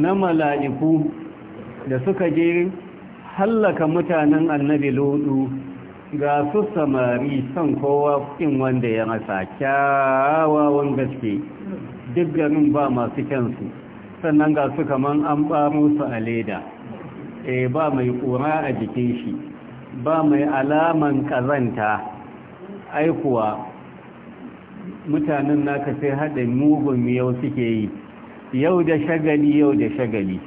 na mala'iku da suka je hallaka mutanen annabi lodu ga su samari son kowa in wanda ya rasa kyawawan gaske duk garin ba masu kyansu sannan ga su kaman an ɓaro su a leda e ba mai ƙura a jikin shi ba mai alaman ƙazanta aikuwa mutanen naka sai haɗa mugun yau suke yi yau da shagali yau da shagali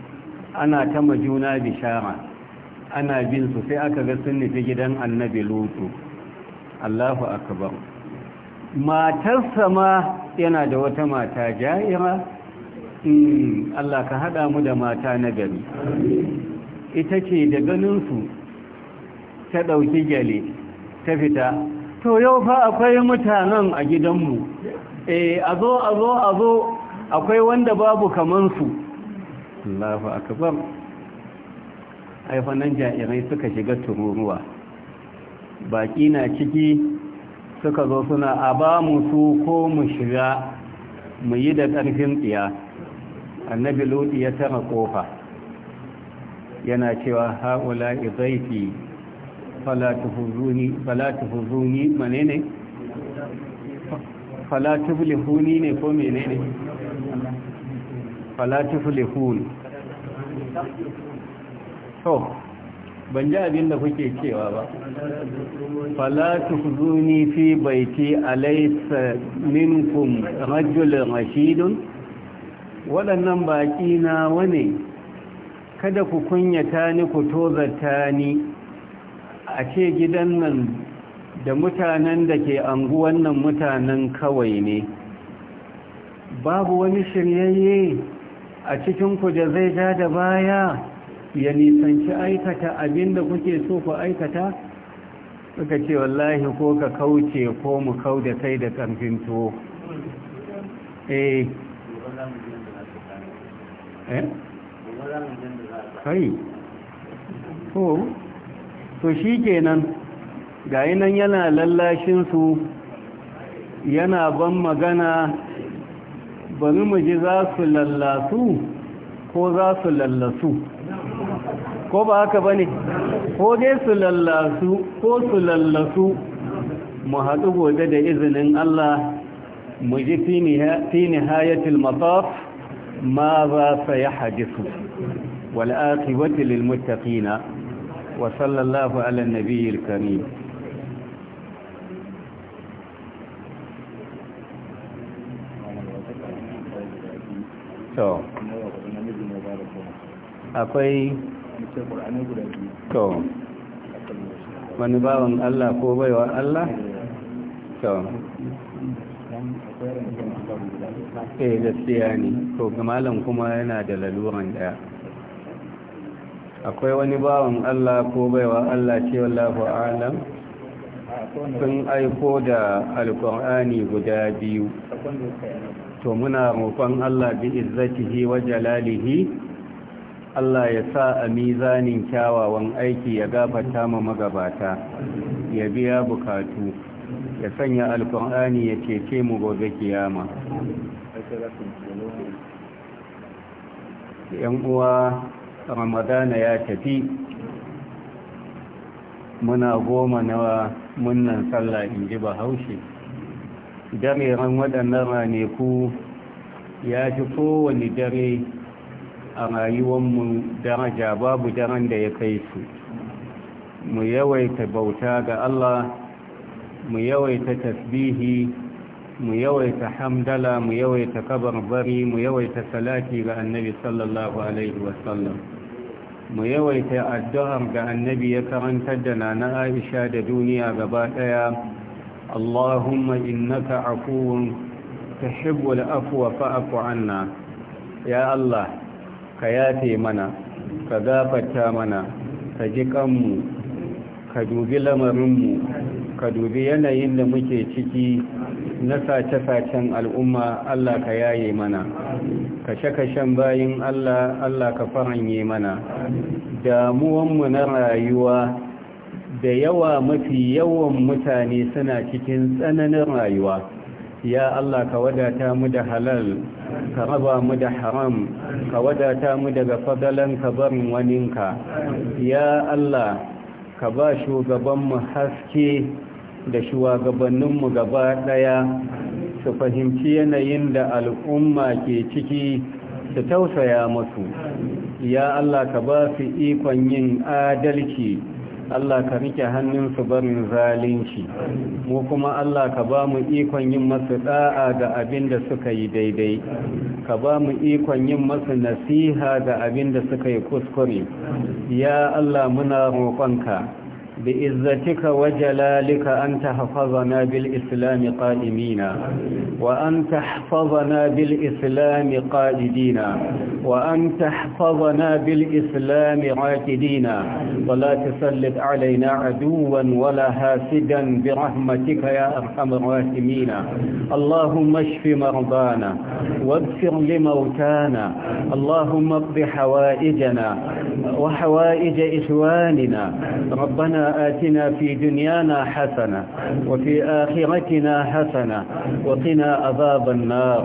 ana ta majuna bishara ana bin su sai aka ga sun nufi gidan annabi lutu allahu akbar matarsa ma yana da wata mata ja'ira hmm, allah ka haɗa mu da mata na gari ita ce da ganinsu ta ɗauki gyale ta fita to yau fa akwai mutanen a gidanmu eh a zo a zo a zo akwai wanda babu kamansu allahu akbar haifanan jami'ai suka shiga tururuwa baƙi na ciki suka zo suna a ba mu su ko mu shiga mu yi da ƙarfin tsiya annabi lodi ya tara ƙofa yana cewa haula izaifi falatufuzuni mane ne falatufulihuni ne ko mene ne falatufulihuni to ban ji abin da kuke cewa ba falatu zuni fi baiti alaysa minkum rajulun rashidun waɗannan baƙi na wane kada ku kunyata ni ku tozarta ni a ce gidan nan da mutanen da ke anguwan nan mutanen kawai ne babu wani shiryayye a cikinku da zai ja da baya ya nisanci aikata abinda kuke so ku aikata suka ce wallahi ko ka kauce ko mu kau da kai da ƙarfin tuwo eh, eh? kai to to shi kenan gayi nan yana lallashinsu yana ban magana bari mu ji za su lallasu ko za su lallasu ko ba haka ba ne ko dai su lallasu ko su lallasu mu haɗu gobe da izinin Allah mu ji fi nihayatul mataf ma za sa ya hadisu wal'aƙiwati lilmuttaƙina wa sallallahu ala nabiyyar karim akwai to wani bawan Allah ko baiwa Allah to eh gaskiya ne to malam kuma yana da laluran daya akwai wani bawan Allah ko baiwa Allah ce wallahu alam sun aiko da alkur'ani guda biyu to muna roƙon Allah bi izzatihi wa jalalihi Allah ya sa a mizanin kyawawan aiki ya gafata ma magabata ya biya bukatu ya sanya alkur'ani ya cece mu gobe kiyama yan uwa ramadana ya tafi muna goma na munnan sallah in ji bahaushe dare ran waɗannan raneku ya fi kowane dare a rayuwanmu daraja babu daren da ya kai su mu yawaita bauta ga Allah mu yawaita tasbihi mu yawaita hamdala mu yawaita kabar bari. mu yawaita salati ga annabi sallallahu alaihi wasallam mu yawaita addu'ar ga annabi ya karantar da nana Aisha da duniya gaba daya Allahumma innaka afuwun tuhibbul afwa fa'fu anna ya Allah ka yafe mana ka gafarta mana ka ji kanmu ka dubi lamarinmu ka dubi yanayin da muke ciki na sace-sacen al'umma Allah ka yaye mana kashe-kashen bayin Allah Allah ka faranye mana damuwanmu na rayuwa da yawa mafi yawan mutane suna cikin tsananin rayuwa ya Allah ka wadata mu da halal ka raba mu da haram ka wadata mu daga fadalan ka barin waninka ya Allah ka ba shugabanmu haske da shugabanninmu gaba ɗaya su fahimci yanayin da al'umma ke ciki su tausaya musu ya Allah ka ba su ikon yin adalci Allah ka rike hannunsu barin zalunci mu kuma Allah ka ba mu ikon yin masu da'a ga abin da suka yi daidai ka ba mu ikon yin masu nasiha ga abin da suka yi kuskure ya Allah muna roƙonka بإذتك وجلالك أن تحفظنا بالإسلام قائمين وأن تحفظنا بالإسلام قائدين وأن تحفظنا بالإسلام عاكدين ولا تسلط علينا عدوا ولا هاسدا برحمتك يا أرحم الراحمين اللهم اشف مرضانا واغفر لموتانا اللهم اقض حوائجنا وحوائج إخواننا ربنا آتنا في دنيانا حسنة وفي آخرتنا حسنة وقنا عذاب النار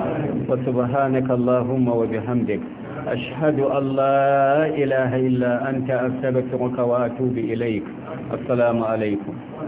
وسبحانك اللهم وبحمدك أشهد أن لا إله إلا أنت أستبكرك وأتوب إليك السلام عليكم